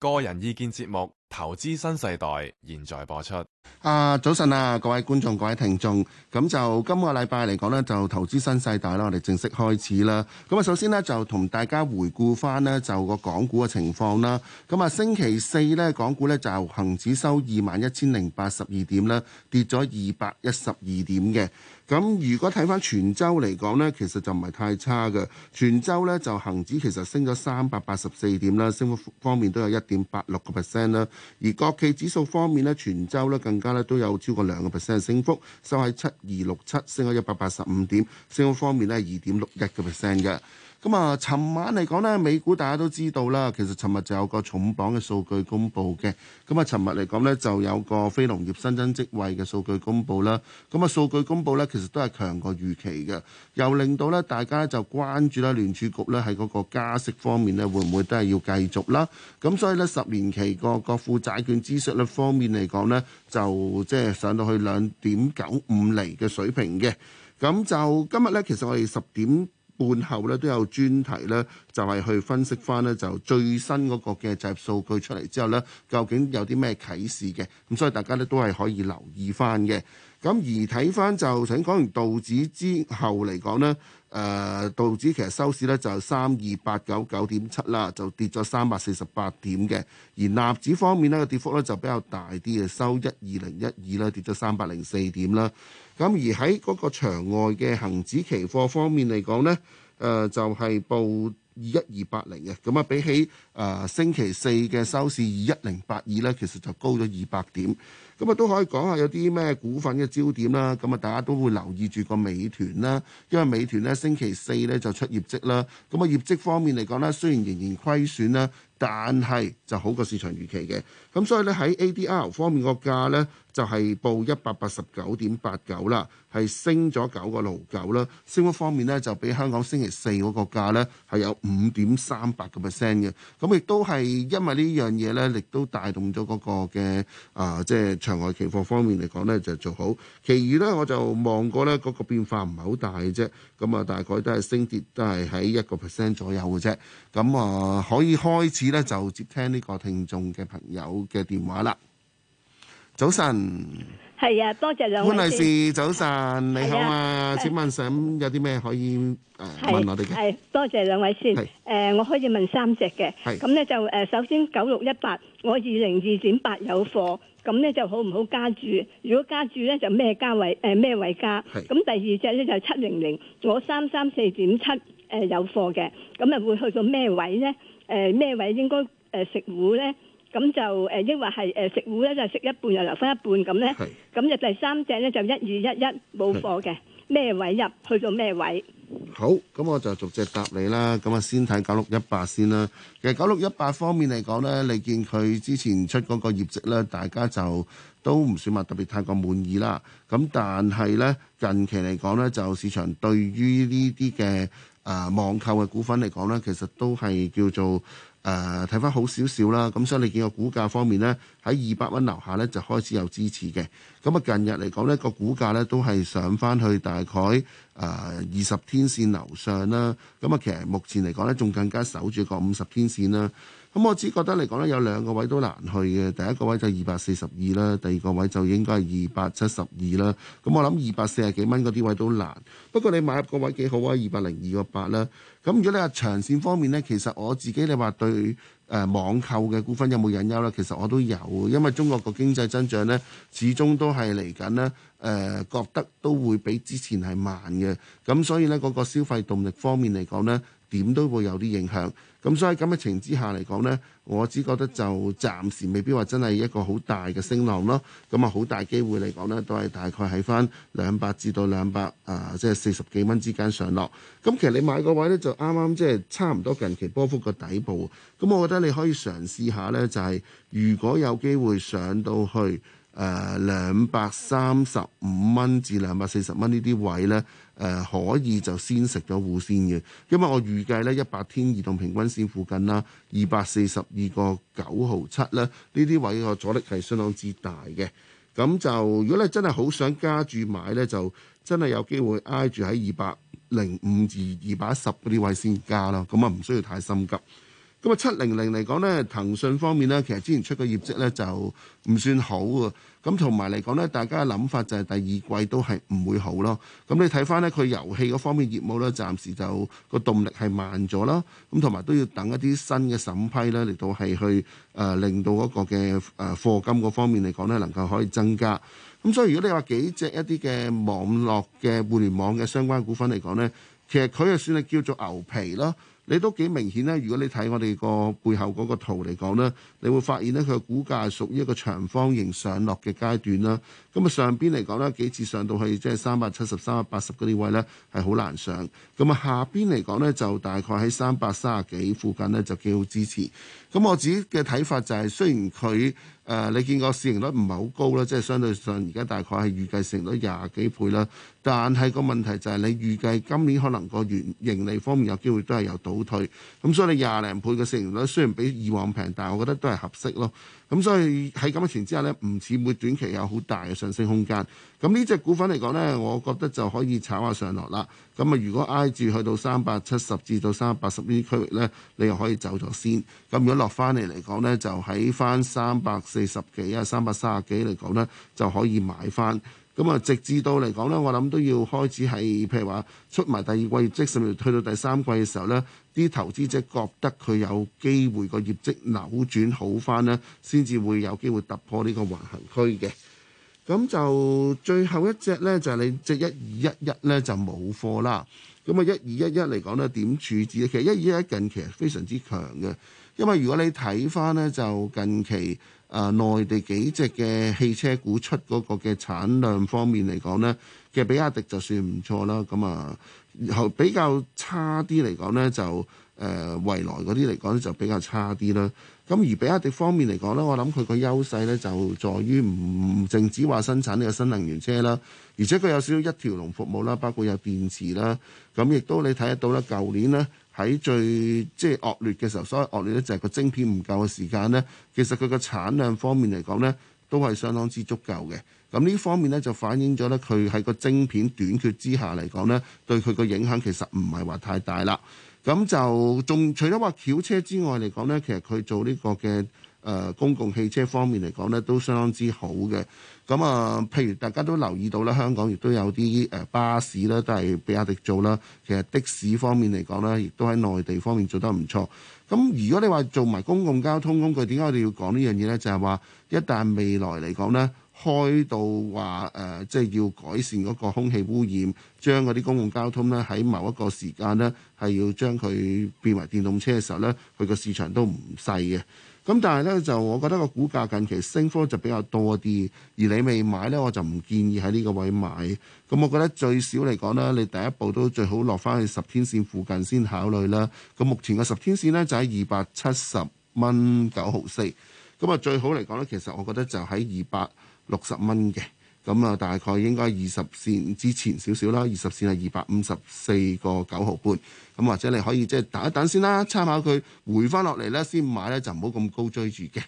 個人意見節目《投資新世代》現在播出。啊，早晨啊，各位觀眾、各位聽眾，咁就今個禮拜嚟講呢就《投資新世代》啦，我哋正式開始啦。咁啊，首先呢，就同大家回顧翻呢就個港股嘅情況啦。咁啊，星期四呢，港股呢就恒指收二萬一千零八十二點啦，跌咗二百一十二點嘅。咁如果睇翻全州嚟講呢，其實就唔係太差嘅。全州呢，就恒指其實升咗三百八十四點啦，升幅方面都有一點八六個 percent 啦。而國企指數方面呢，全州呢更加呢都有超過兩個 percent 升幅，收喺七二六七，升咗一百八十五點，升幅方面呢，係二點六一個 percent 嘅。咁啊，尋晚嚟講咧，美股大家都知道啦。其實尋日就有個重磅嘅數據公布嘅。咁啊，尋日嚟講呢，就有個非農業新增職位嘅數據公布啦。咁啊，數據公布呢，其實都係強過預期嘅，又令到呢，大家就關注啦，聯儲局呢喺嗰個加息方面呢，會唔會都係要繼續啦？咁所以呢，十年期個國庫債券孳息呢方面嚟講呢，就即係上到去兩點九五厘嘅水平嘅。咁就今日呢，其實我哋十點。半後咧都有專題咧，就係去分析翻咧就最新嗰個嘅就業數據出嚟之後咧，究竟有啲咩啟示嘅，咁所以大家咧都係可以留意翻嘅。咁而睇翻就，請講完道指之後嚟講呢，誒道指其實收市咧就三二八九九點七啦，就跌咗三百四十八點嘅。而納指方面咧嘅跌幅咧就比較大啲嘅，收一二零一二啦，跌咗三百零四點啦。咁而喺嗰個場外嘅恒指期貨方面嚟講呢，誒就係、是、報二一二八零嘅，咁啊比起誒、呃、星期四嘅收市二一零八二呢，其實就高咗二百點。咁啊都可以講下有啲咩股份嘅焦點啦，咁啊大家都會留意住個美團啦，因為美團咧星期四咧就出業績啦。咁啊業績方面嚟講咧，雖然仍然虧損啦，但係就好過市場預期嘅。咁所以咧喺 ADR 方面個價咧就係報一百八十九點八九啦，係升咗九個六九啦。升一方面咧就比香港星期四嗰個價咧係有五點三八個 percent 嘅。咁亦都係因為呢樣嘢咧，亦都帶動咗嗰個嘅啊即係。就是場外期貨方面嚟講呢，就做好，其餘呢，我就望過呢嗰、那個變化唔係好大嘅啫。咁啊，大概都係升跌都係喺一個 percent 左右嘅啫。咁啊、呃，可以開始呢，就接聽呢個聽眾嘅朋友嘅電話啦。早晨，係啊，多謝兩位先。潘女士，早晨，你好啊，啊請問想有啲咩可以誒是、啊、問我哋嘅？係多謝兩位先。誒是、呃，我可以問三隻嘅。係咁咧就誒、呃，首先九六一八，我二零二點八有貨，咁咧就好唔好加注？如果加注咧就咩加位？誒、呃、咩位加？咁，是第二隻咧就七零零，我三三四點七誒有貨嘅，咁啊會去到咩位咧？誒、呃、咩位應該誒食糊咧？咁就誒，抑、呃、或係誒食糊咧就食、是、一半，又留翻一半咁咧，咁入是第三隻咧就，是就一二一一冇貨嘅，咩位入，去到咩位？好，咁我就逐隻答你啦。咁啊，先睇九六一八先啦。其實九六一八方面嚟講咧，你見佢之前出嗰個業績咧，大家就都唔算話特別太過滿意啦。咁但係咧，近期嚟講咧，就市場對於呢啲嘅誒網購嘅股份嚟講咧，其實都係叫做。誒睇翻好少少啦，咁所以你見個股價方面呢，喺二百蚊樓下呢，就開始有支持嘅。咁啊，近日嚟講呢個股價呢都係上翻去大概。誒二十天線樓上啦，咁啊其實目前嚟講呢，仲更加守住個五十天線啦。咁我只覺得嚟講呢，有兩個位都難去嘅。第一個位就二百四十二啦，第二個位就應該係二百七十二啦。咁我諗二百四十幾蚊嗰啲位都難。不過你買入個位幾好啊，二百零二個八啦。咁如果你話長線方面呢，其實我自己你話對。誒網購嘅股份有冇隱憂咧？其實我都有，因為中國個經濟增長咧，始終都係嚟緊咧，誒覺得都會比之前係慢嘅，咁所以呢，嗰個消費動力方面嚟講呢，點都會有啲影響。咁所以咁嘅情之下嚟講呢，我只覺得就暫時未必話真係一個好大嘅升浪咯。咁啊，好大機會嚟講呢，都係大概喺翻兩百至到兩百啊，即係四十幾蚊之間上落。咁其實你買個位呢，就啱啱即係差唔多近期波幅個底部。咁我覺得你可以嘗試下呢，就係如果有機會上到去誒兩百三十五蚊至兩百四十蚊呢啲位呢。誒、呃、可以就先食咗護先嘅。因為我預計呢，一百天移動平均線附近啦，二百四十二個九毫七啦，呢啲位個阻力係相當之大嘅。咁就如果你真係好想加住買呢，就真係有機會挨住喺二百零五至二百一十嗰啲位先加啦。咁啊唔需要太心急。咁啊，七零零嚟講呢，騰訊方面呢，其實之前出嘅業績呢就唔算好喎。咁同埋嚟講呢，大家嘅諗法就係第二季都係唔會好咯。咁你睇翻呢，佢遊戲嗰方面業務呢，暫時就個動力係慢咗啦。咁同埋都要等一啲新嘅審批呢，嚟到係去誒令到嗰個嘅誒課金嗰方面嚟講呢，能夠可以增加。咁所以如果你話幾隻一啲嘅網絡嘅互聯網嘅相關股份嚟講呢，其實佢就算係叫做牛皮啦。你都幾明顯咧，如果你睇我哋個背後嗰個圖嚟講呢，你會發現咧佢個股價係屬於一個長方形上落嘅階段啦。咁啊上邊嚟講呢幾次上到去即係三百七十、三百八十嗰啲位呢，係好難上。咁啊下邊嚟講呢就大概喺三百三十幾附近呢，就幾好支持。咁我自己嘅睇法就係雖然佢。誒、呃，你見個市盈率唔係好高咧，即係相對上而家大概係預計市盈率廿幾倍啦。但係個問題就係你預計今年可能個業盈利方面有機會都係有倒退，咁所以你廿零倍嘅市盈率雖然比以往平，但係我覺得都係合適咯。咁所以喺咁嘅前提之下呢，唔似會短期有好大嘅上升空間。咁呢隻股份嚟講呢，我覺得就可以炒下上落啦。咁啊，如果挨住去到三百七十至到三百八十呢啲區域呢，你又可以走咗先。咁如果落翻嚟嚟講呢，就喺翻三百四十幾啊、三百三十幾嚟講呢，就可以買翻。咁啊，直至到嚟講咧，我諗都要開始係，譬如話出埋第二季業績，甚至去到第三季嘅時候呢，啲投資者覺得佢有機會個業績扭轉好翻咧，先至會有機會突破呢個橫行區嘅。咁就最後一隻呢，就係你即一二一一呢，就冇貨啦。咁啊一二一一嚟講呢，點處置咧？其實一二一一近期係非常之強嘅，因為如果你睇翻呢，就近期。誒、呃、內地幾隻嘅汽車股出嗰個嘅產量方面嚟講呢，其實比亞迪就算唔錯啦。咁啊，後比較差啲嚟講呢就誒、呃、蔚來嗰啲嚟講就比較差啲啦。咁而比亞迪方面嚟講呢，我諗佢個優勢呢，就在於唔淨止話生產呢個新能源車啦，而且佢有少少一條龍服務啦，包括有電池啦。咁亦都你睇得到啦，舊年咧。喺最即係惡劣嘅時候，所謂惡劣呢，就係個晶片唔夠嘅時間呢。其實佢個產量方面嚟講呢，都係相當之足夠嘅。咁呢方面呢，就反映咗呢，佢喺個晶片短缺之下嚟講呢，對佢個影響其實唔係話太大啦。咁就仲除咗話轎車之外嚟講呢，其實佢做呢個嘅。誒、呃、公共汽車方面嚟講呢，都相當之好嘅。咁啊、呃，譬如大家都留意到啦，香港亦都有啲、呃、巴士啦，都係比亞迪做啦。其實的士方面嚟講呢，亦都喺內地方面做得唔錯。咁如果你話做埋公共交通工具，點解我哋要講呢樣嘢呢？就係、是、話一旦未來嚟講呢，開到話誒，即、呃、係、就是、要改善嗰個空氣污染，將嗰啲公共交通呢喺某一個時間呢，係要將佢變為電動車嘅時候呢，佢個市場都唔細嘅。咁但係呢，就，我覺得個股價近期升幅就比較多啲，而你未買呢，我就唔建議喺呢個位買。咁、嗯、我覺得最少嚟講咧，你第一步都最好落翻去十天線附近先考慮啦。咁、嗯、目前個十天線呢，就喺二百七十蚊九毫四。咁啊，最好嚟講呢，其實我覺得就喺二百六十蚊嘅。咁、嗯、啊、嗯，大概應該二十線之前少少啦。二十線係二百五十四個九毫半。咁或者你可以即係等一等先啦，參考佢回翻落嚟咧，先買咧就唔好咁高追住嘅。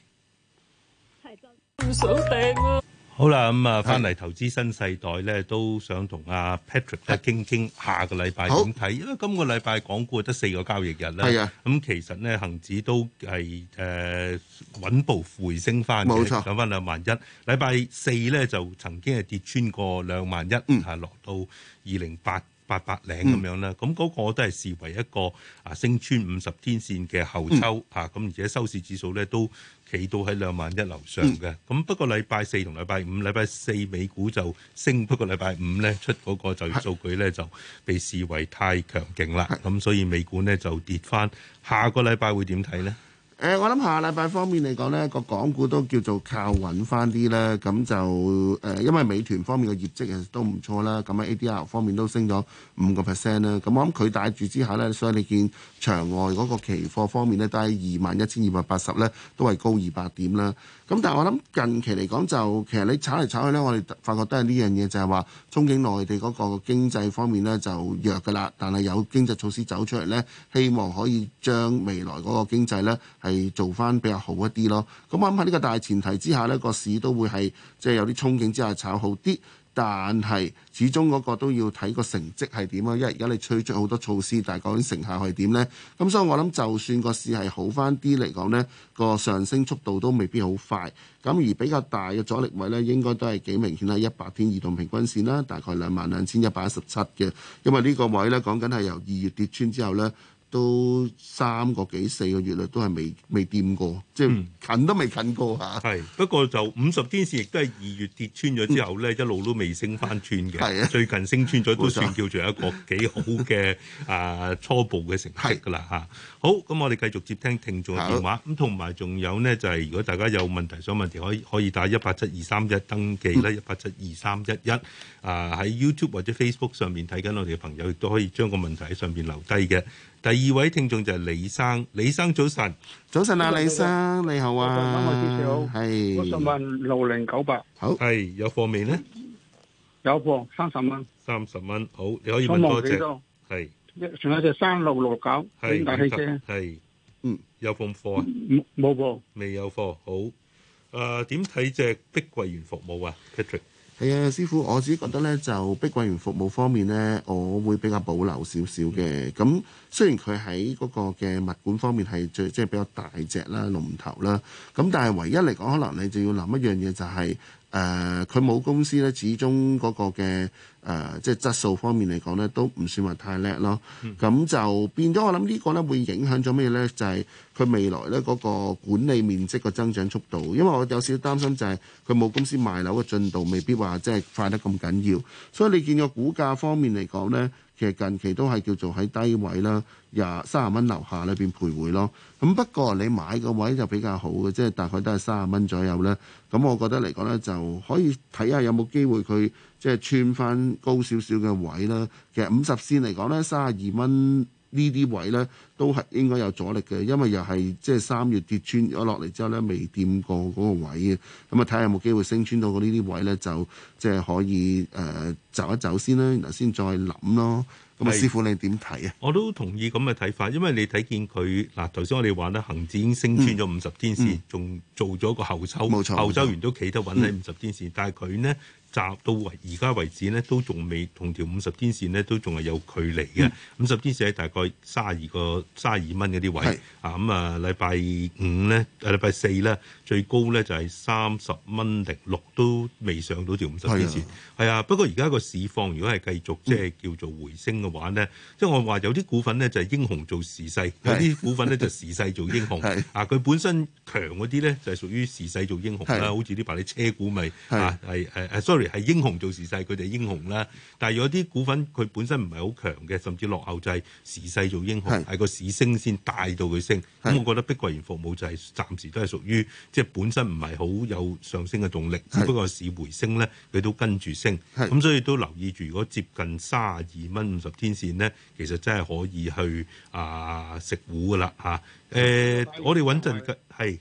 係就唔想訂啦。好啦，咁啊翻嚟投資新世代咧，都想同阿 Patrick 咧傾傾下個禮拜點睇，因為今個禮拜港股得四個交易日咧。係啊的。咁、嗯、其實咧恒指都係誒、呃、穩步回升翻嘅，上翻兩萬一。禮拜四咧就曾經係跌穿過兩萬一，係落到二零八。八百零咁樣啦，咁嗰、嗯、個都係視為一個啊升穿五十天線嘅後抽、嗯、啊，咁而且收市指數咧都企到喺兩萬一樓上嘅，咁、嗯、不過禮拜四同禮拜五，禮拜四美股就升，嗯、不過禮拜五咧出嗰個就業數據咧是就被視為太強勁啦，咁是所以美股咧就跌返，下個禮拜會點睇咧？誒、呃，我諗下個禮拜方面嚟講呢個港股都叫做靠穩翻啲啦。咁就誒、呃，因為美團方面嘅業績其實都唔錯啦。咁啊，ADR 方面都升咗五個 percent 啦。咁我諗佢帶住之下呢，所以你見場外嗰個期貨方面呢，都喺二萬一千二百八十呢，都係高二百點啦。咁但係我諗近期嚟講就其實你炒嚟炒去呢，我哋發覺都係呢樣嘢就係話憧憬內地嗰個經濟方面呢就弱㗎啦，但係有經濟措施走出嚟呢，希望可以將未來嗰個經濟咧係做翻比較好一啲咯。咁我諗喺呢個大前提之下呢，個市都會係即係有啲憧憬之下炒好啲。但係始終嗰個都要睇個成績係點啊。因為而家你推出好多措施，但係講緊成效係點呢？咁所以我諗就算個市係好翻啲嚟講，呢個上升速度都未必好快。咁而比較大嘅阻力位呢，應該都係幾明顯喺一百天移動平均線啦，大概兩萬兩千一百一十七嘅，因為呢個位呢，講緊係由二月跌穿之後呢。都三個幾四個月啦，都係未未掂過，即係近都未近過嚇。係、嗯啊、不過就五十天線亦都係二月跌穿咗之後咧，嗯、一路都未升翻穿嘅。係啊，最近升穿咗都算叫做一個幾好嘅冇錯啊初步嘅成績㗎啦嚇。好，咁我哋繼續接聽聽眾嘅電話，咁同埋仲有呢，就係、係、如果大家有問題想問嘅，可以可以打一八七二三一登記啦，一八七二三一一啊，喺 YouTube 或者 Facebook 上面睇緊我哋嘅朋友，亦都可以將個問題喺上面留低嘅。第二位聽眾就係李生，李生早晨，早晨啊，李生,李生你好啊，三號資料係三十萬六零九八，好係有貨未呢？有貨三十蚊，三十蚊好，你可以買多隻係，仲有隻三六六九，大汽車係，嗯有放貨啊？冇貨未有貨好？誒、呃，點睇隻碧桂園服務啊，Patrick？係啊，師傅，我自己覺得咧，就碧桂園服務方面咧，我會比較保留少少嘅。咁雖然佢喺嗰個嘅物管方面係最即係比較大隻啦、龍頭啦，咁但係唯一嚟講，可能你就要諗一樣嘢就係、是。誒佢母公司呢，始終嗰個嘅誒即係質素方面嚟講呢，都唔算話太叻咯。咁、嗯、就變咗，我諗呢個呢會影響咗咩呢？就係、是、佢未來呢嗰個管理面積個增長速度，因為我有少少擔心就係佢母公司賣樓嘅進度，未必話即係快得咁緊要。所以你見個股價方面嚟講呢。其實近期都係叫做喺低位啦，廿三十蚊樓下裏邊徘徊咯。咁不過你買個位就比較好嘅，即係大概都係三十蚊左右啦。咁我覺得嚟講呢，就可以睇下有冇機會佢即係穿翻高少少嘅位啦。其實五十線嚟講呢，三十二蚊。呢啲位咧都係應該有阻力嘅，因為又係即係三月跌穿咗落嚟之後咧，未掂過嗰個位嘅，咁啊睇下有冇機會升穿到嗰呢啲位咧，就即係可以誒、呃、走一走先啦，然後先再諗咯。咁啊，師傅你點睇啊？我都同意咁嘅睇法，因為你睇見佢嗱，頭先我哋話咧，恒指已經升穿咗五十天線，仲、嗯嗯、做咗個後抽，冇錯、後抽完都企得穩喺五十天線、嗯嗯嗯，但係佢咧。扎到而家為止咧，都仲未同條五十天線咧，都仲係有距離嘅。五十天線係大概卅二個卅二蚊嗰啲位，啊咁啊，禮拜五咧，誒禮拜四咧，最高咧就係三十蚊零六都未上到條五十天線。係啊，不過而家個市況如果係繼續即係叫做回升嘅話咧，即係我話有啲股份咧就係英雄做時勢，有啲股份咧就時勢做英雄。啊，佢本身強嗰啲咧就係屬於時勢做英雄啦，好似呢排啲車股咪係係係 sorry。係英雄做時勢，佢哋係英雄啦。但係有啲股份佢本身唔係好強嘅，甚至落後就係時勢做英雄，係是個市升先帶到佢升。咁是、嗯、我覺得碧桂園服務就係、是、暫時都係屬於即係本身唔係好有上升嘅動力，是只不過市回升咧佢都跟住升。咁是、嗯、所以都留意住，如果接近三十二蚊五十天線咧，其實真係可以去、呃、食啊食糊噶啦嚇。誒、呃，帥為 我哋穩陣嘅係。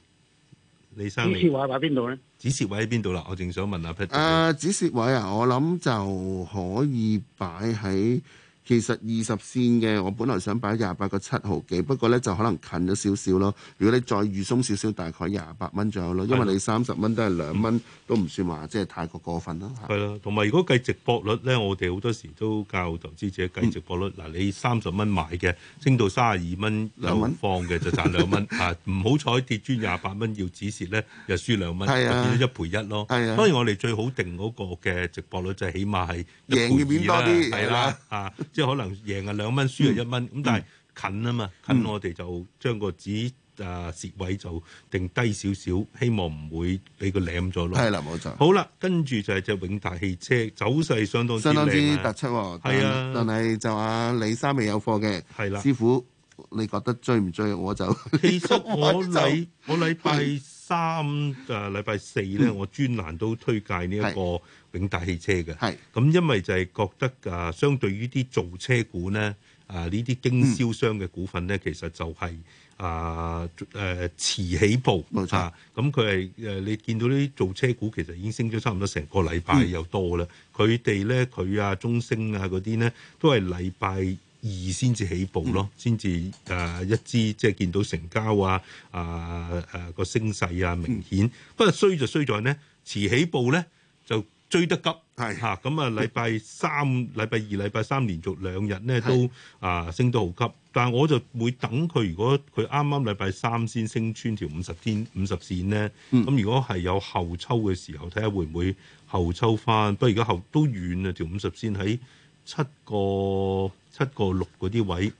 李生你止蝕位擺邊度咧？止蝕位喺邊度啦？我正想問下啊 Peter。誒，止蝕位啊，我諗就可以擺喺。其實二十線嘅，我本來想擺廿八個七毫幾，不過咧就可能近咗少少咯。如果你再預鬆少少，大概廿八蚊左右咯。因為你三十蚊都係兩蚊，都唔算話即係太過過分咯。係咯，同埋如果計值博率咧，我哋好多時都教投資者計值博率。嗱，你三十蚊買嘅升到三十二蚊，兩蚊放嘅就賺兩蚊嚇，唔好彩跌穿廿八蚊要止蝕咧又輸兩蚊，變咗一賠一咯。係啊，當然我哋最好定嗰個嘅值博率就係起碼係贏面多啲係啦嚇。即係可能贏係兩蚊，輸係一蚊。咁但係近啊嘛，近我哋就將個止啊蝕位就定低少少，希望唔會俾佢舐咗咯。係啦，冇錯。好啦，跟住就係隻永達汽車走勢相當之突出。係啊，但係就話李生未有貨嘅。係啦、啊，師傅，你覺得追唔追？我就你實 我禮 我禮拜。三誒，呃、禮拜四咧，嗯、我專欄都推介呢一個永達汽車嘅。咁是、嗯嗯、因為就係覺得啊，相對於啲造車股咧，啊呢啲經銷商嘅股份咧，其實就係、是、啊誒遲起步冇錯。咁佢係誒你見到啲造車股其實已經升咗差唔多成個禮拜又多啦。佢哋咧，佢啊中升啊嗰啲咧，都係禮拜二先至起步咯，先至誒一支，即係見到成交啊，呃呃、啊誒個升勢啊明顯。不過衰就衰在呢，遲起步呢，就追得急，係嚇是。咁啊，禮拜三、禮拜二、禮拜三連續兩日呢，都是啊升到好急。但係我就會等佢，如果佢啱啱禮拜三先升穿條五十天五十線呢。咁、嗯嗯、如果係有後抽嘅時候，睇下會唔會後抽翻。不過而家後都遠啊，條五十線喺，七個七個六嗰啲位，咁、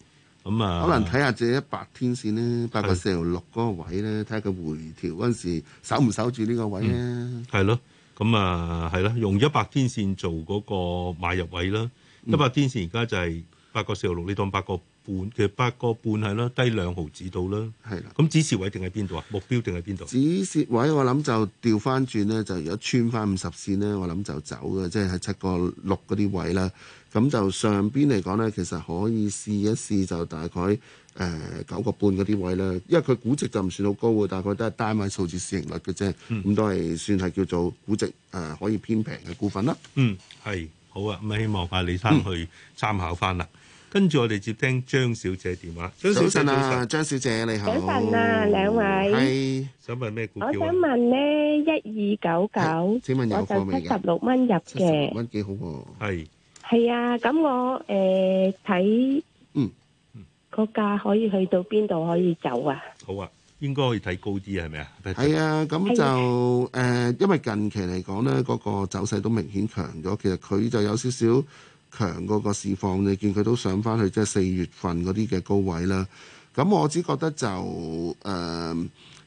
嗯、啊，可能睇下借一百天線咧，八個四毫六嗰個位咧，睇下佢回調嗰陣時守唔守住呢個位咧？係咯，咁、嗯、啊，係啦，用一百天線做嗰個買入位啦，一百天線而家就係八個四毫六，你當八個。半嘅八個半係咯，低兩毫子到啦。係啦的，咁止蝕位定喺邊度啊？目標定喺邊度？止蝕位我諗就調翻轉咧，就如果穿翻五十線咧，我諗就走嘅，即係喺七個六嗰啲位啦。咁就上邊嚟講咧，其實可以試一試就大概誒九個半嗰啲位咧，因為佢估值就唔算好高嘅，大概都係單位數字市盈率嘅啫。咁、嗯、都係算係叫做估值誒、呃、可以偏平嘅股份啦。嗯，係好啊，咁希望阿李生去參考翻啦、嗯。跟住我哋接聽張小姐電話，張小姐啊，張小姐你好，早晨啊，兩位，想問咩股票？我想問咧，一二九九，請問有貨未噶？我就七十六蚊入嘅，七十六蚊幾好喎？系係啊，咁我誒睇，嗯嗯，個價可以去到邊度可以走啊？好啊，應該可以睇高啲係咪啊？係啊，咁就誒，因為近期嚟講咧，嗰個走勢都明顯強咗，其實佢就有少少。強嗰個市況，你見佢都上返去，即係四月份嗰啲嘅高位啦。咁我只覺得就誒、呃，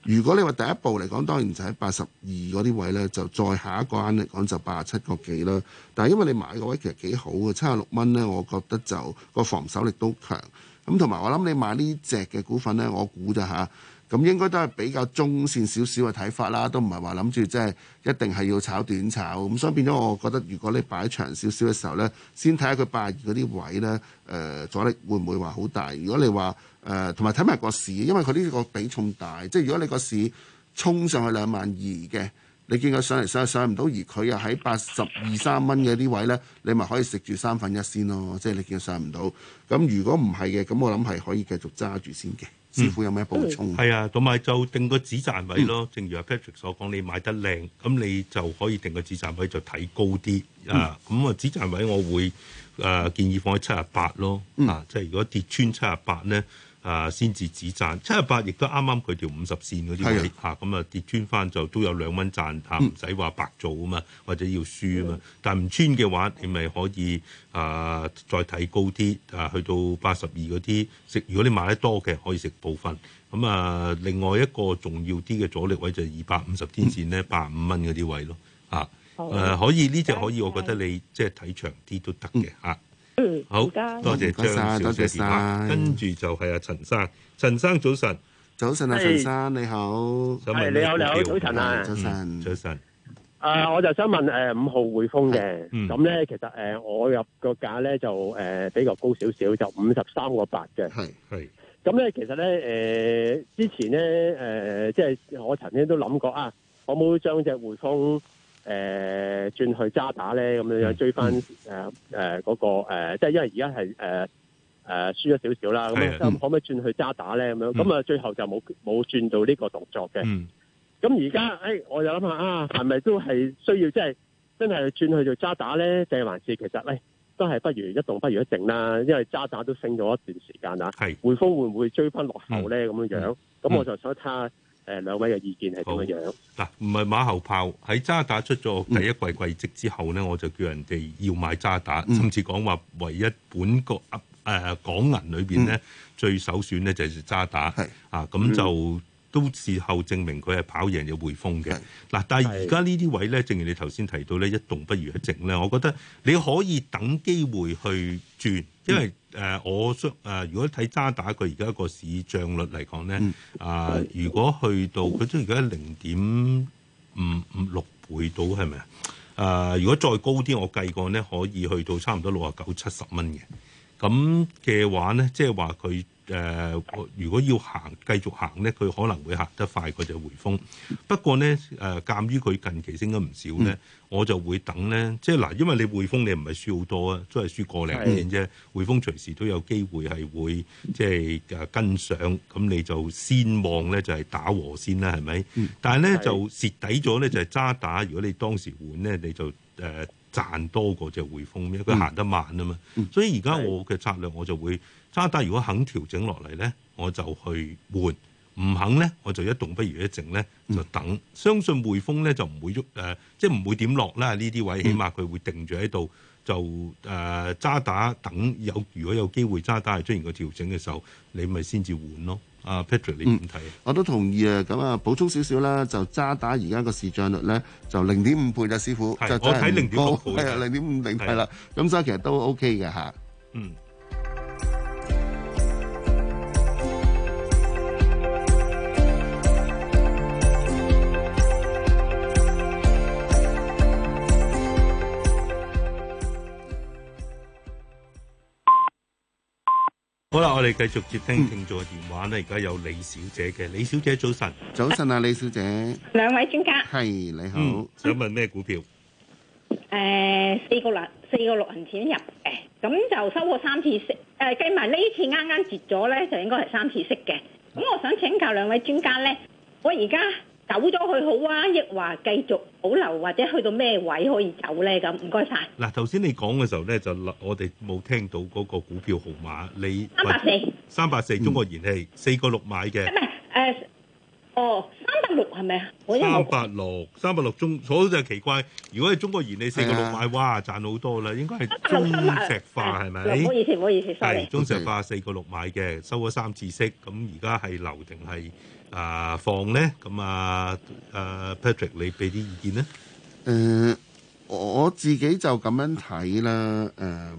如果你話第一步嚟講，當然就喺八十二嗰啲位呢，就再下一關嚟講就八十七個幾啦。但係因為你買嗰位其實幾好嘅，七十六蚊呢，我覺得就個防守力都強。咁同埋我諗你買呢隻嘅股份呢，我估就嚇。咁應該都係比較中線少少嘅睇法啦，都唔係話諗住即係一定係要炒短炒，咁所以變咗我覺得，如果你擺長少少嘅時候呢，先睇下佢八二嗰啲位呢，誒、呃、阻力會唔會話好大？如果你話誒同埋睇埋個市，因為佢呢個比重大，即係如果你個市衝上去兩萬二嘅，你見佢上嚟上嚟上唔到，而佢又喺八十二三蚊嘅呢位呢，你咪可以食住三分一先咯，即係你見佢上唔到。咁如果唔係嘅，咁我諗係可以繼續揸住先嘅。師傅有咩補充？係啊、嗯，同埋就定個止賺位咯。正如阿 Patrick 所講，你買得靚，咁你就可以定個止賺位就睇高啲啊。咁啊，止賺位我會誒、啊、建議放喺七十八咯。啊，即係如果跌穿七十八咧。啊，先至止賺七十八，亦都啱啱佢條五十線嗰啲位嚇，咁啊跌穿翻就都有兩蚊賺嚇，唔使話白做啊嘛，或者要輸啊嘛。但唔穿嘅話，你咪可以啊再睇高啲啊，去到八十二嗰啲食。如果你買得多嘅，可以食部分。咁啊，另外一個重要啲嘅阻力位就係二百五十天線咧，八五蚊嗰啲位咯嚇。誒，可以呢隻可以，我覺得你即係睇長啲都得嘅嚇。好，多謝張生，跟住就係阿陳生，陳生早晨，早晨啊，陳生你好，係你好，你好，好的早晨啊，早晨、嗯。早晨。誒、呃，我就想問誒，五、呃、號匯豐嘅，咁咧、嗯、其實誒、呃，我入個價咧就誒、呃、比較高少少，就五十三個八嘅，係係。咁咧、嗯、其實咧，誒、呃、之前咧，誒、呃呃、即係我曾經都諗過啊，我冇將隻匯豐。誒、呃、轉去渣打咧，咁樣樣追翻誒誒嗰個即係、呃呃、因為而家係誒誒輸咗少少啦，咁可唔可以轉去渣打咧？咁樣咁啊，最後就冇冇 a 轉到呢個動作嘅。咁而家誒，我就諗下啊，係咪都係需要即係真係轉去做渣打咧？定還是其實咧、哎、都係不如一動不如一靜啦。因為渣打都升咗一段時間啊。匯豐、嗯、會唔會追翻落後咧？咁、嗯、樣樣咁，嗯、我就想睇下。誒、呃、兩位嘅意見係點嘅樣？嗱，唔、啊、係馬後炮。喺渣打出咗第一季季績之後咧，嗯、我就叫人哋要買渣打，嗯、甚至講話唯一本國誒、呃、港銀裏邊咧最首選咧就係渣打。係是啊，咁就。嗯都事後證明佢係跑贏咗匯豐嘅。嗱是，但係而家呢啲位咧，正如你頭先提到咧，一動不如一靜咧。我覺得你可以等機會去轉，因為誒、嗯呃，我想誒、呃，如果睇渣打佢而家個市賬率嚟講咧，啊、嗯呃，如果去到佢都而家零點五五六倍到係咪啊？誒、呃，如果再高啲，我計過咧，可以去到差唔多六啊九七十蚊嘅。咁嘅話咧，即係話佢。誒、呃，如果要行繼續行咧，佢可能會行得快過佢就匯豐。不過咧，誒、呃，鑑於佢近期升咗唔少咧，嗯、我就會等咧。即係嗱，因為你匯豐你唔係輸好多啊，都係輸個零先啫。的匯豐隨時都有機會係會即係誒跟上，咁你就先望咧就係、是、打和先啦，係咪？嗯、但係咧的就蝕底咗咧就係渣打。如果你當時換咧，你就誒。呃賺多過隻匯豐，因為佢行得慢啊嘛，嗯嗯、所以而家我嘅策略我就會渣打。如果肯調整落嚟咧，我就去換；唔肯咧，我就一動不如一靜咧，就等。相信匯豐咧就唔會喐誒、呃，即係唔會點落啦呢啲位，起碼佢會定住喺度，就誒渣、呃、打等有如果有機會渣打係出現個調整嘅時候，你咪先至換咯。啊，Patrick，你點睇？我都同意啊，咁啊，補充少少啦，就渣打而家個市賬率咧，就零點五倍啊，師傅。是就真我睇零點五倍。係啊、哎，零點五倍係啦，咁所以其實都 OK 嘅嚇。嗯。好啦，我哋繼續接聽聽眾嘅電話咧。而家有李小姐嘅，李小姐早晨，早晨啊，李小姐，兩位專家係你好，嗯、想問咩股票？誒、呃，四個六四個六行錢入嘅，咁就收過三次息，誒、呃，計埋呢次啱啱截咗咧，就應該係三次息嘅。咁我想請教兩位專家咧，我而家。走咗去好啊，亦或繼續保留，或者去到咩位可以走咧？咁唔該曬。嗱，頭先你講嘅時候咧，就我哋冇聽到嗰個股票號碼，你三百四，三百四中國燃氣，四個六買嘅。係咪誒，哦，三百六係咪啊？我三百六，三百六，三百六中，所以就奇怪。如果係中國燃氣四個六買，哇，賺好多啦！應該係中石化係咪？唔好意思，唔好意思，係中石化四個六買嘅，收咗三次息，咁而家係留定係？啊，放咧咁啊，阿、啊、Patrick 你俾啲意見咧？誒、呃，我自己就咁樣睇啦。嗯、呃。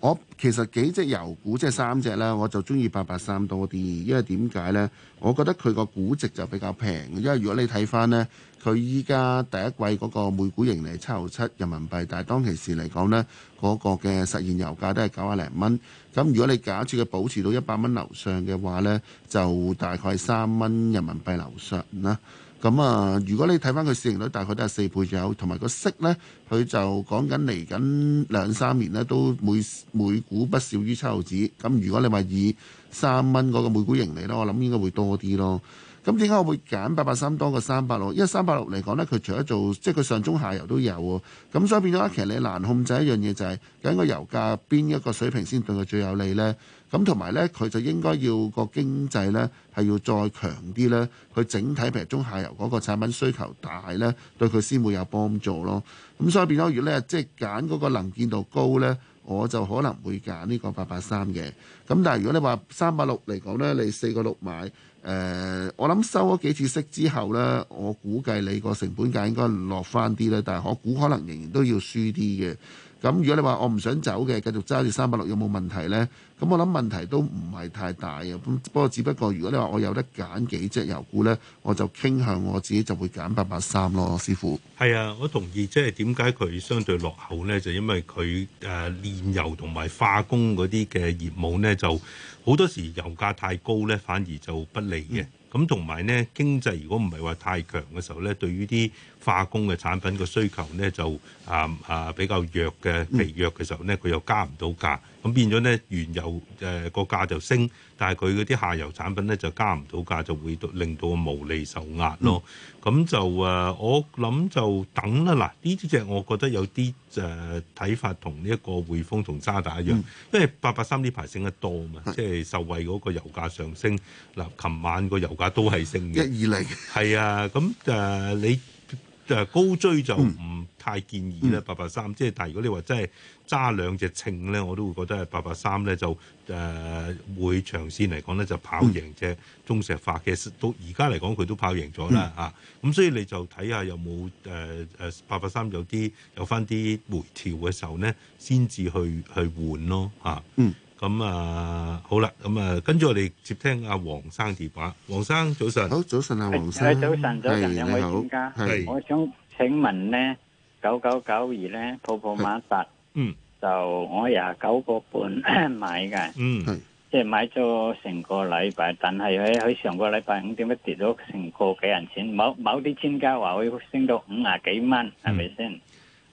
我其實幾隻油股即係三隻啦，我就中意八八三多啲，因為點解呢？我覺得佢個估值就比較平，因為如果你睇翻呢，佢依家第一季嗰個每股盈利七毫七人民幣，但係當其時嚟講呢，嗰個嘅實現油價都係九十零蚊。咁如果你假設佢保持到一百蚊樓上嘅話呢，就大概三蚊人民幣樓上啦。咁啊，如果你睇翻佢市盈率，大概都係四倍左右，同埋個息咧，佢就講緊嚟緊兩三年咧，都每每股不少於七毫子。咁如果你話以。三蚊嗰個每股盈利咯，我諗應該會多啲咯。咁點解我會揀八八三多過三百六？因為三百六嚟講呢，佢除咗做，即係佢上中下游都有喎。咁所以變咗，其實你難控制一樣嘢就係揀個油價邊一個水平先對佢最有利呢。咁同埋呢，佢就應該要個經濟呢，係要再強啲呢。佢整體譬如中下游嗰個產品需求大呢，對佢先會有幫助咯。咁所以變咗，如果呢即係揀嗰個能見度高呢。我就可能會揀呢個八八三嘅，咁但係如果你話三百六嚟講呢，你四個六買，誒、呃，我諗收咗幾次息之後呢，我估計你個成本價應該落翻啲咧，但係我估可能仍然都要輸啲嘅。咁如果你話我唔想走嘅，繼續揸住三百六有冇問題呢？咁我諗問題都唔係太大啊。不過只不過如果你話我有得揀幾隻油股呢，我就傾向我自己就會揀八八三咯。師傅，係啊，我同意。即係點解佢相對落後呢？就因為佢誒煉油同埋化工嗰啲嘅業務呢，就好多時油價太高呢，反而就不利嘅。咁同埋呢經濟如果唔係話太強嘅時候呢，對於啲化工嘅產品個需求咧就啊啊比較弱嘅微弱嘅時候咧，佢又加唔到價，咁變咗咧原油誒個價就升，但係佢嗰啲下游產品咧就加唔到價，就會令到無利受壓咯。咁、嗯、就啊，我諗就等啦嗱，呢啲嘢我覺得有啲誒睇法同呢一個匯豐同渣打一樣，嗯、因為八八三呢排升得多嘛，即係、啊、受惠嗰個油價上升。嗱，琴晚個油價都係升。嘅。一二零。係啊，咁誒你。嗯就係高追就唔太建議咧，嗯、八八三即係，但係如果你話真係揸兩隻稱咧，我都會覺得係八八三咧就誒、呃、會長線嚟講咧就跑贏隻中石化嘅，嗯、到而家嚟講佢都跑贏咗啦嚇。咁、嗯啊、所以你就睇下有冇誒誒八八三有啲有翻啲回調嘅時候咧，先至去去換咯嚇。啊、嗯。咁啊，好啦，咁啊，跟住我哋接聽阿黃生電話。黃生早晨，好早晨啊，黃生，早晨早晨，兩位專家，係我想請問咧，九九九二咧，泡泡瑪特，嗯，就我廿九個半買嘅，嗯，即係買咗成個禮拜，但係喺喺上個禮拜五點一跌咗成個幾銀錢，某某啲專家話會升到五啊幾蚊，係咪先？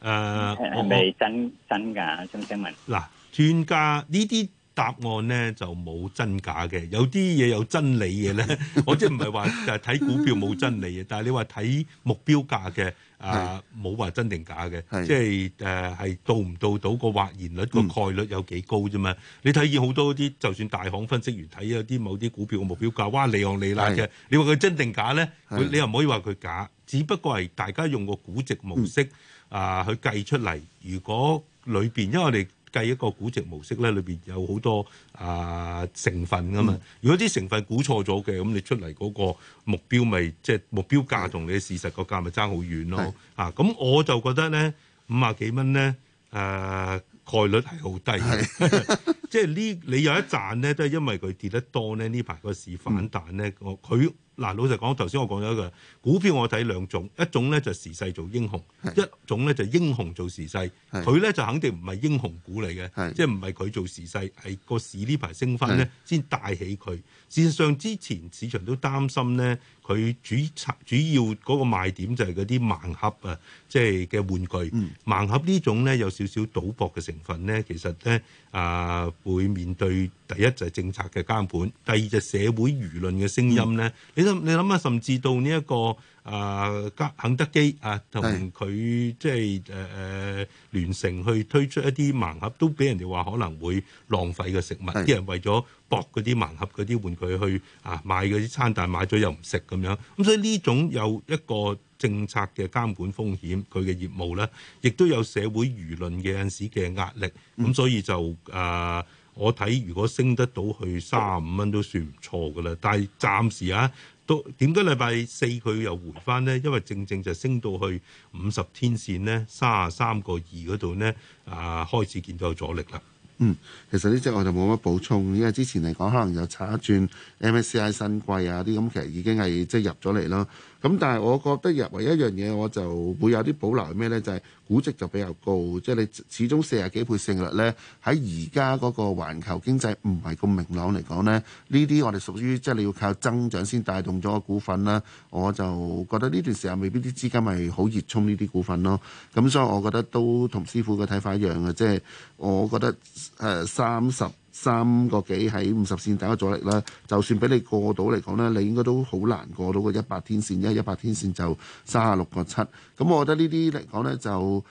誒係咪真真㗎？想請問嗱，專家呢啲？答案咧就冇真假嘅，有啲嘢有真理嘅咧。 我即係唔係話誒睇股票冇真理嘅，但係你話睇目標價嘅啊，冇、呃、話是真定假嘅，是即係誒係到唔到到個或然率個概率有幾高啫嘛？嗯、你睇見好多啲，就算大行分析員睇有啲某啲股票嘅目標價哇，離行離列嘅，是你話佢真定假咧？是你又唔可以話佢假，只不過係大家用個估值模式啊、呃呃、去計出嚟。如果裏邊因，因為我哋。計一個估值模式咧，裏邊有好多啊、呃、成分㗎嘛。如果啲成分估錯咗嘅，咁你出嚟嗰個目標咪即係目標價同你事實個價咪爭好遠咯。的啊，咁我就覺得咧五啊幾蚊咧誒概率係好低嘅，即係呢你有一賺咧都係因為佢跌得多咧呢排個市反彈咧，我佢的。嗱，老實講，頭先我講咗一個股票，我睇兩種，一種咧就是、時勢做英雄，是一種咧就是、英雄做時勢。佢咧是就肯定唔係英雄股嚟嘅，是即係唔係佢做時勢，係個市呢排升翻咧，先是帶起佢。事實上之前市場都擔心咧，佢主策主要嗰個賣點就係嗰啲盲盒啊，即係嘅玩具。嗯、盲盒種呢種咧有少少賭博嘅成分咧，其實咧啊、呃、會面對第一就係、是、政策嘅監管，第二就係、社會輿論嘅聲音咧、嗯。你諗你諗下，甚至到呢、這、一個啊、呃、肯德基啊同佢即係誒、呃、聯乘去推出一啲盲盒，都俾人哋話可能會浪費嘅食物，啲人為咗，搏嗰啲盲盒嗰啲換佢去啊買嗰啲餐，但係買咗又唔食咁樣，咁、嗯、所以呢種有一個政策嘅監管風險，佢嘅業務咧，亦都有社會輿論嘅陣時嘅壓力，咁、嗯、所以就啊、呃，我睇如果升得到去三十五蚊都算唔錯噶啦，但係暫時啊，都點解禮拜四佢又回翻呢？因為正正就升到去五十天線咧，三十三個二嗰度咧啊，開始見到有阻力啦。嗯，其實呢隻我就冇乜補充，因為之前嚟講，可能又拆一轉 MSCI 新貴啊啲咁，其實已經係即係入咗嚟咯。咁但係我覺得又唯一一樣嘢我就會有啲保留係咩呢？就係、是、估值就比較高，即、就、係、是、你始終四十幾倍勝率呢，喺而家嗰個環球經濟唔係咁明朗嚟講呢，呢啲我哋屬於即係你要靠增長先帶動咗個股份啦、啊。我就覺得呢段時間未必啲資金係好熱衷呢啲股份咯、啊。咁所以我覺得都同師傅嘅睇法一樣嘅，即、就、係、是、我覺得誒三十。呃三個幾喺五十線打咗阻力啦，就算俾你過到嚟講呢，你應該都好難過到個一百天線，因為一百天線就三十六個七，咁我覺得呢啲嚟講呢，就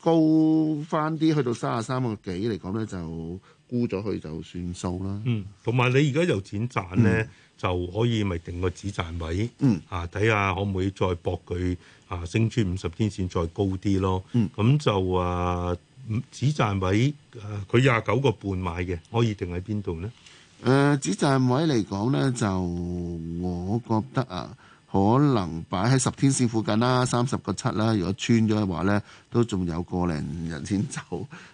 高翻啲，去到三十三個幾嚟講呢，就沽咗佢就算數啦。嗯，同埋你而家有錢賺呢，嗯、就可以咪定個止賺位。嗯，啊，睇下可唔可以再博佢啊，升穿五十天線再高啲咯。嗯，咁就啊。嗯，止賺位誒佢廿九個半買嘅，可以定喺邊度咧？誒、呃，止賺位嚟講咧，就我覺得啊，可能擺喺十天線附近啦，三十個七啦。如果穿咗嘅話咧，都仲有個零人先走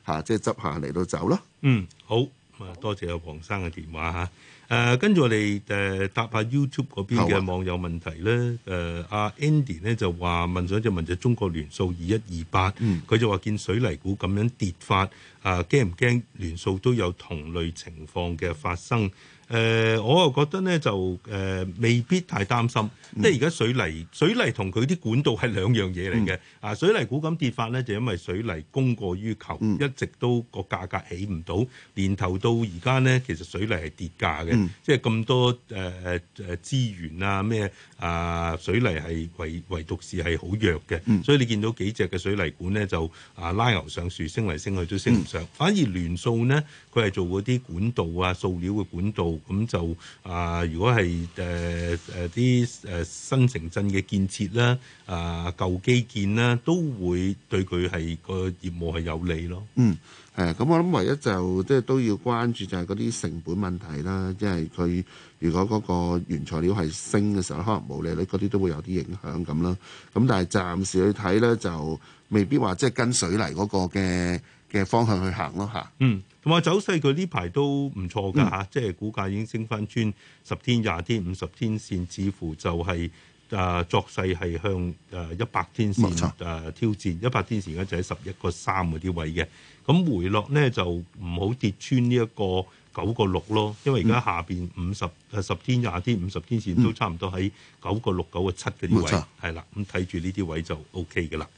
嚇、啊，即係執下嚟到走咯。嗯，好啊，多謝阿黃生嘅電話嚇。誒跟住我哋誒、呃、答下 YouTube 嗰邊嘅網友問題咧，誒阿、啊呃、Andy 咧就話問咗就隻問就中國聯數二一二八，佢就話見水泥股咁樣跌法，啊驚唔驚聯數都有同類情況嘅發生？誒，我又覺得咧就誒，未必太擔心，即係而家水泥、水泥同佢啲管道係兩樣嘢嚟嘅。啊，水泥股咁跌法咧，就因為水泥供過於求，一直都個價格起唔到，年頭到而家咧，其實水泥係跌價嘅，即係咁多誒誒誒資源啊咩啊，水泥係唯唯獨是係好弱嘅，所以你見到幾隻嘅水泥管咧就啊拉牛上樹，升嚟升去都升唔上，反而聯數咧佢係做嗰啲管道啊，塑料嘅管道。咁就啊、呃，如果係誒誒啲誒新城鎮嘅建設啦，啊、呃、舊基建啦，都會對佢係個業務係有利咯。嗯，誒、呃，咁我諗唯一就即係都要關注就係嗰啲成本問題啦，即係佢如果嗰個原材料係升嘅時候，可能毛利率嗰啲都會有啲影響咁啦。咁但係暫時去睇咧，就未必話即係跟水泥嗰個嘅嘅方向去行咯吓。嗯。話走勢佢呢排都唔錯噶嚇，嗯、即係股價已經升翻穿十天、廿天、五十天線，似乎就係啊作勢係向誒一百天線誒挑戰。一百天線而家就喺十一個三嗰啲位嘅，咁回落呢就唔好跌穿呢一個九個六咯，因為而家下邊五十誒十天、廿天、五十天線都差唔多喺九個六、九個七嗰啲位，係啦、嗯，咁睇住呢啲位就 O K 嘅啦。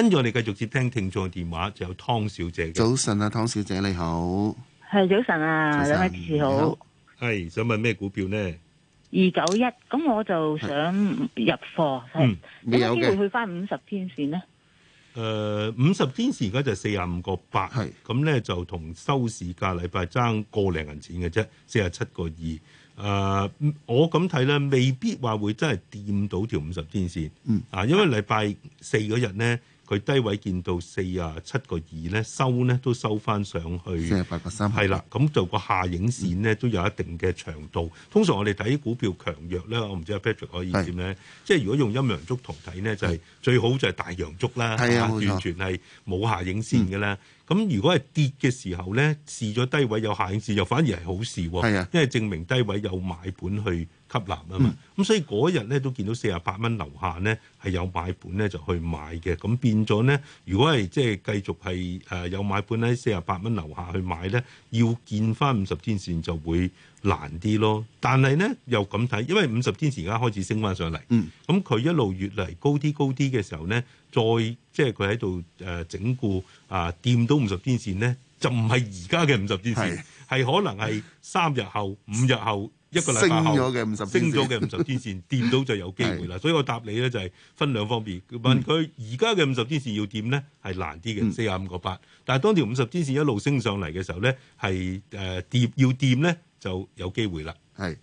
跟住我哋繼續接聽聽眾電話，就有湯小姐嘅。早晨啊，湯小姐你好，係，早晨啊，兩位好，係，hey, 想問咩股票呢？二九一，咁我就想入貨，係有冇機會去翻五十天線呢？誒、呃，五十天線而家就四十五個八，係咁咧就同收市價禮拜爭個零銀錢嘅啫，四十七個二。誒、呃，我咁睇咧，未必話會真係掂到條五十天線，啊、嗯，因為禮拜四嗰日呢。呢佢低位見到四啊七個二咧，收咧都收翻上去，四啊八個三。係啦，咁就個下影線咧都有一定嘅長度。通常我哋睇股票強弱咧，我唔知阿 Patrick 可以點咧？是即係如果用陰陽燭圖睇咧，就係、是、最好就係大陽燭啦，的完全係冇下影線嘅啦。咁的、嗯、如果係跌嘅時候咧，試咗低位有下影線，又反而係好事喎，的因為證明低位有買盤去。吸納啊嘛，咁、嗯、所以嗰日咧都見到四十八蚊樓下咧係有買盤咧就去買嘅，咁變咗咧如果係即係繼續係誒、呃、有買盤喺四十八蚊樓下去買咧，要見翻五十天線就會難啲咯。但係咧又咁睇，因為五十天線而家開始升翻上嚟，嗯，咁佢、嗯、一路越嚟高啲高啲嘅時候咧，再即係佢喺度誒整固啊，掂到五十天線咧。就唔係而家嘅五十天線，係是可能係三日後、五日後一個禮拜後升咗嘅五十天線掂 到就有機會啦。是所以我答你咧就係分兩方面問佢，而家嘅五十天線要掂咧係難啲嘅四十五個八，嗯、但係當條五十天線一路升上嚟嘅時候咧，係誒掂要掂咧就有機會啦。係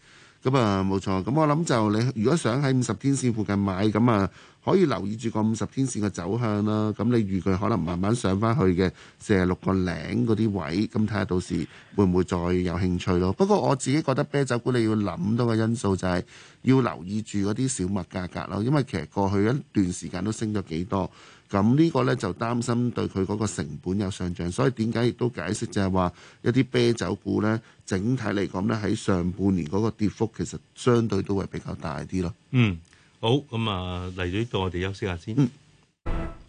咁啊，冇錯。咁我諗就你如果想喺五十天線附近買咁啊。可以留意住個五十天線嘅走向啦，咁你預佢可能慢慢上返去嘅四十六個零嗰啲位，咁睇下到時會唔會再有興趣咯。不過我自己覺得啤酒股你要諗多個因素，就係要留意住嗰啲小麥價格咯，因為其實過去一段時間都升咗幾多，咁呢個咧就擔心對佢嗰個成本有上漲，所以點解亦都解釋就係話一啲啤酒股咧整體嚟講咧喺上半年嗰個跌幅其實相對都會比較大啲咯。嗯。好，咁啊嚟到呢度我哋休息下先。嗯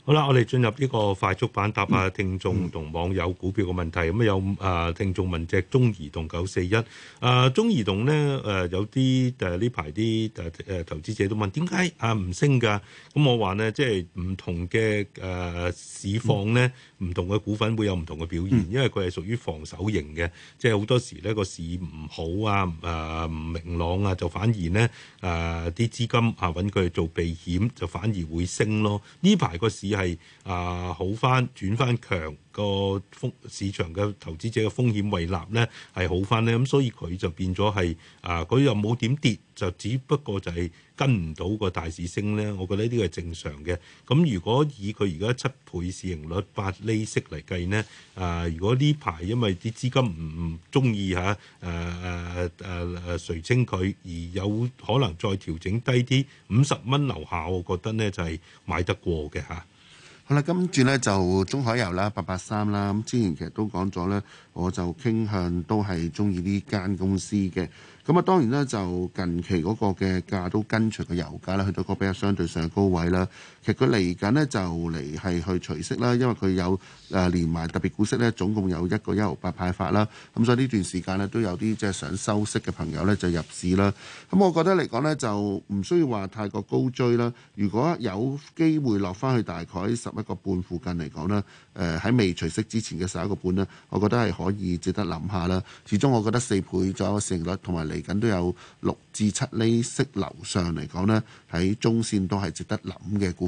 好啦，我哋進入呢個快速版答下聽眾同網友股票嘅問題。咁、嗯、啊、嗯、有啊聽眾問隻中移動九四一，啊中移動咧誒有啲誒呢排啲誒誒投資者都問點解、嗯嗯、啊唔升噶？咁我話咧即係唔同嘅誒市況咧，唔同嘅股份會有唔同嘅表現，因為佢係屬於防守型嘅，即係好多時咧個市唔好啊誒唔、啊、明朗啊，就反而咧誒啲資金啊揾佢做避險，就反而會升咯。呢排個市係啊，好翻轉翻強個風，市場嘅投資者嘅風險位立咧，係好翻咧，咁所以佢就變咗係啊，佢又冇點跌，就只不過就係跟唔到個大市升咧。我覺得呢個係正常嘅。咁、啊、如果以佢而家七倍市盈率、八厘息嚟計呢，啊，如果呢排因為啲資金唔唔中意吓，誒誒誒誒，垂、啊啊啊、清佢而有可能再調整低啲五十蚊樓下，我覺得呢就係、是、買得過嘅吓。啊好啦，跟住咧就中海油啦，八八三啦。咁之前其實都講咗咧，我就傾向都係中意呢間公司嘅。咁啊，當然咧就近期嗰個嘅價都跟隨個油價咧，去到個比較相對上高位啦。其實佢嚟緊呢，就嚟係去除息啦，因為佢有誒、呃、連埋特別股息呢，總共有一個一毫八派發啦。咁、嗯、所以呢段時間呢，都有啲即係想收息嘅朋友呢，就入市啦。咁、嗯、我覺得嚟講呢，就唔需要話太過高追啦。如果有機會落翻去大概十一個半附近嚟講咧，誒、呃、喺未除息之前嘅十一個半呢，我覺得係可以值得諗下啦。始終我覺得四倍左右嘅市盈率同埋嚟緊都有六至七厘息流上嚟講呢，喺中線都係值得諗嘅股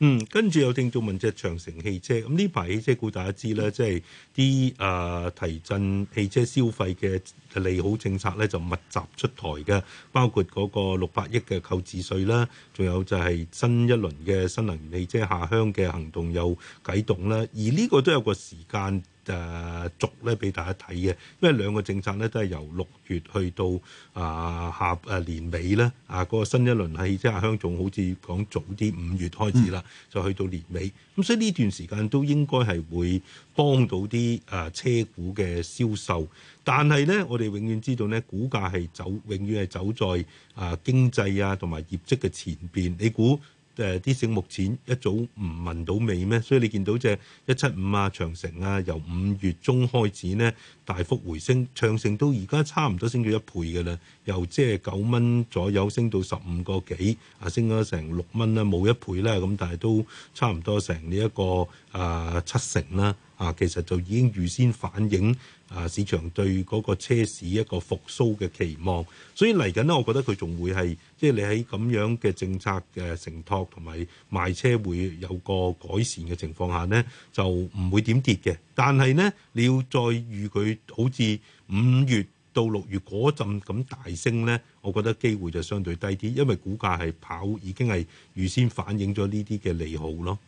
嗯，跟住有聽眾問即係長城汽車，咁呢排汽車股大家知啦，即係啲誒提振汽車消費嘅利好政策咧就密集出台嘅，包括嗰個六百億嘅購置稅啦，仲有就係新一輪嘅新能源汽車下鄉嘅行動有啟動啦。而呢個都有個時間誒軸咧俾大家睇嘅，因為兩個政策咧都係由六月去到啊下誒年尾咧，啊、嗰個新一輪係汽車下鄉，仲好似講早啲五月開始啦。嗯就去到年尾，咁所以呢段時間都應該係會幫到啲啊車股嘅銷售，但係呢，我哋永遠知道呢，股價係走，永遠係走在啊經濟啊同埋業績嘅前邊。你估誒啲醒目錢一早唔聞到味咩？所以你見到隻一七五啊，長城啊，由五月中開始呢，大幅回升，長城都而家差唔多升咗一倍嘅啦。由即係九蚊左右升到十五個幾啊，升咗成六蚊啦，冇一倍啦咁，但係都差唔多成呢一個啊七成啦啊，其實就已經預先反映啊市場對嗰個車市一個復甦嘅期望，所以嚟緊呢，我覺得佢仲會係即係你喺咁樣嘅政策嘅承托同埋賣車會有個改善嘅情況下呢，就唔會點跌嘅。但係呢，你要再預佢好似五月。到六月嗰陣咁大升呢，我覺得機會就相對低啲，因為股價係跑已經係預先反映咗呢啲嘅利好咯。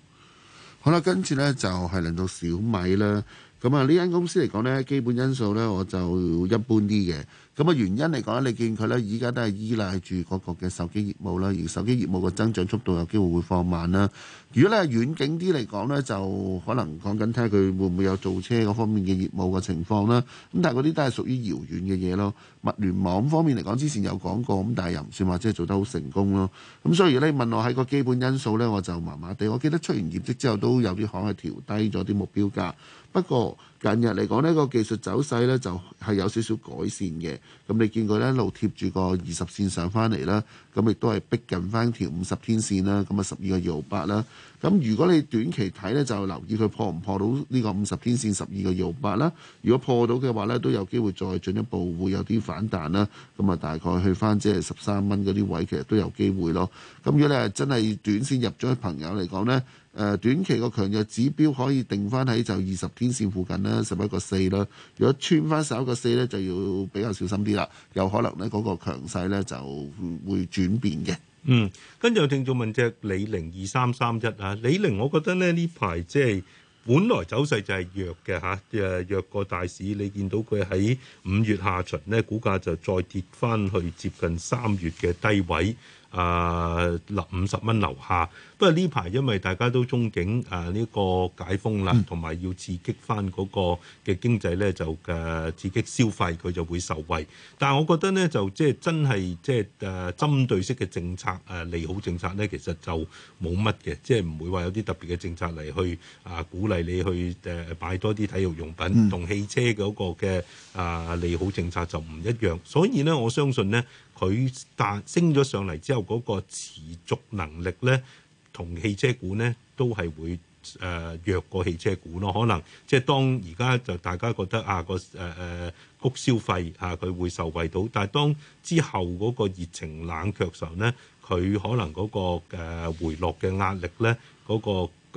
好啦，跟住呢就係輪到小米啦。咁啊，呢間公司嚟講呢，基本因素呢，我就一般啲嘅。咁嘅原因嚟講咧，你見佢咧，依家都係依賴住嗰個嘅手機業務啦，而手機業務嘅增長速度有機會會放慢啦。如果你係遠景啲嚟講咧，就可能講緊睇下佢會唔會有造車嗰方面嘅業務嘅情況啦。咁但係嗰啲都係屬於遙遠嘅嘢咯。物聯網方面嚟講，之前有講過，咁但係又唔算話即係做得好成功咯。咁所以咧，問我喺個基本因素咧，我就麻麻地。我記得出完業績之後都有啲行係調低咗啲目標價，不過。近日嚟講呢個技術走勢呢就係有少少改善嘅。咁你見佢一路貼住個二十線上翻嚟啦，咁亦都係逼近翻條五十天線啦。咁啊，十二個搖八啦。咁如果你短期睇呢，就留意佢破唔破到呢個五十天線十二個搖八啦。如果破到嘅話呢，都有機會再進一步會有啲反彈啦。咁啊，大概去翻即係十三蚊嗰啲位，其實都有機會咯。咁如果你係真係短線入咗去，朋友嚟講呢。誒短期個強弱指標可以定翻喺就二十天線附近啦，十一個四啦。如果穿翻十一個四咧，就要比較小心啲啦。有可能咧嗰個強勢咧就會轉變嘅。嗯，跟住有聽眾問隻李寧二三三一啊，李寧，我覺得咧呢排即係本來走勢就係弱嘅嚇，誒弱過大市。你見到佢喺五月下旬呢，股價就再跌翻去接近三月嘅低位。誒落五十蚊樓下，不過呢排因為大家都憧憬誒呢個解封啦，同埋要刺激翻嗰個嘅經濟呢，就誒、uh, 刺激消費佢就會受惠。但係我覺得呢，就即係真係即係誒、啊、針對式嘅政策誒、啊、利好政策呢，其實就冇乜嘅，即係唔會話有啲特別嘅政策嚟去誒、啊、鼓勵你去誒、啊、買多啲體育用品同、嗯、汽車嗰、嗰個嘅誒、啊、利好政策就唔一樣。所以呢，我相信呢。佢但升咗上嚟之後嗰個持續能力咧，同汽車股咧都係會誒弱過汽車股咯。可能即係當而家就大家覺得啊個誒誒谷消費啊，佢會受惠到，但係當之後嗰個熱情冷卻時候咧，佢可能嗰個誒回落嘅壓力咧，嗰個。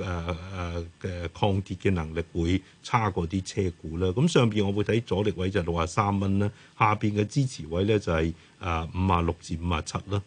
誒誒嘅抗跌嘅能力會差過啲車股啦，咁上邊我會睇阻力位就係六啊三蚊啦，下邊嘅支持位咧就係啊五啊六至五啊七啦。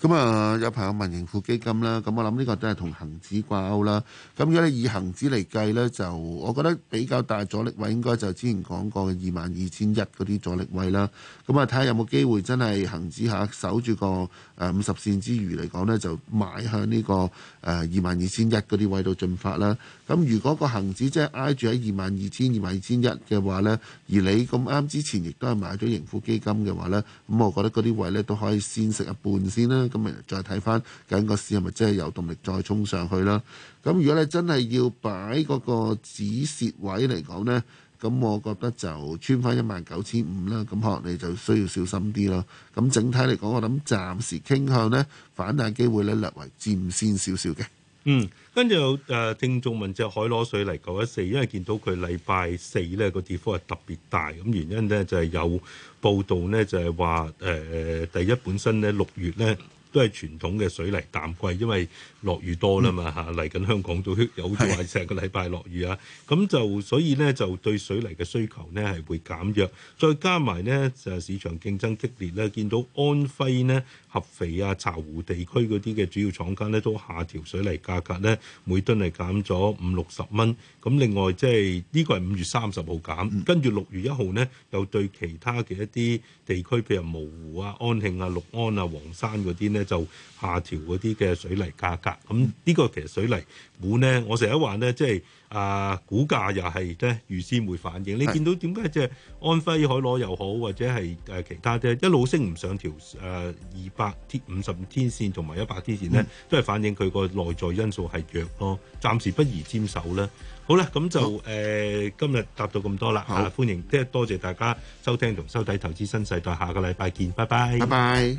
咁啊，有朋友問盈富基金啦，咁我諗呢個都係同恆指掛鈎啦。咁如果你以恆指嚟計呢，就我覺得比較大阻力位應該就之前講過嘅二萬二千一嗰啲阻力位啦。咁啊，睇下有冇機會真係恆指下守住個誒五十線之餘嚟講呢？就買向呢個誒二萬二千一嗰啲位度進發啦。咁如果個恒指即係挨住喺二萬二千、二萬二千一嘅話呢，而你咁啱之前亦都係買咗盈富基金嘅話呢，咁我覺得嗰啲位呢都可以先食一半先啦，咁咪再睇翻究竟個市係咪真係有動力再衝上去啦。咁如果你真係要擺嗰個止蝕位嚟講呢，咁我覺得就穿翻一萬九千五啦。咁可能你就需要小心啲咯。咁整體嚟講，我諗暫時傾向呢，反彈機會呢略為佔先少少嘅。嗯，跟住又誒聽眾問隻海螺水泥，九一四，因為見到佢禮拜四咧個跌幅係特別大，咁原因咧就係有報道咧就係話誒第一本身咧，六月咧都係傳統嘅水泥淡季，因為落雨多啦嘛嚇，嚟緊香港都有話成是個禮拜落雨啊，咁就所以咧就對水泥嘅需求咧係會減弱，再加埋咧就市場競爭激烈咧，見到安徽呢。合肥啊、巢湖地區嗰啲嘅主要廠家咧，都下調水泥價格咧，每噸係減咗五六十蚊。咁另外即係呢個係五月三十號減，跟住六月一號咧，又對其他嘅一啲地區，譬如蕪湖啊、安慶啊、六安啊、黃山嗰啲咧，就下調嗰啲嘅水泥價格。咁呢個其實水泥股咧，我成日話咧，即係。啊，股價又係咧預先會反應，你見到點解即係安徽海螺又好，或者係誒、呃、其他啲一路升唔上條誒二百天五十五天線同埋一百天線咧，嗯、都係反映佢個內在因素係弱咯，暫時不宜沾手啦。好啦，咁就誒好、呃、今日答到咁多啦嚇好、啊，歡迎即係多謝大家收聽同收睇《投資新世代》，下個禮拜見，拜拜，拜拜。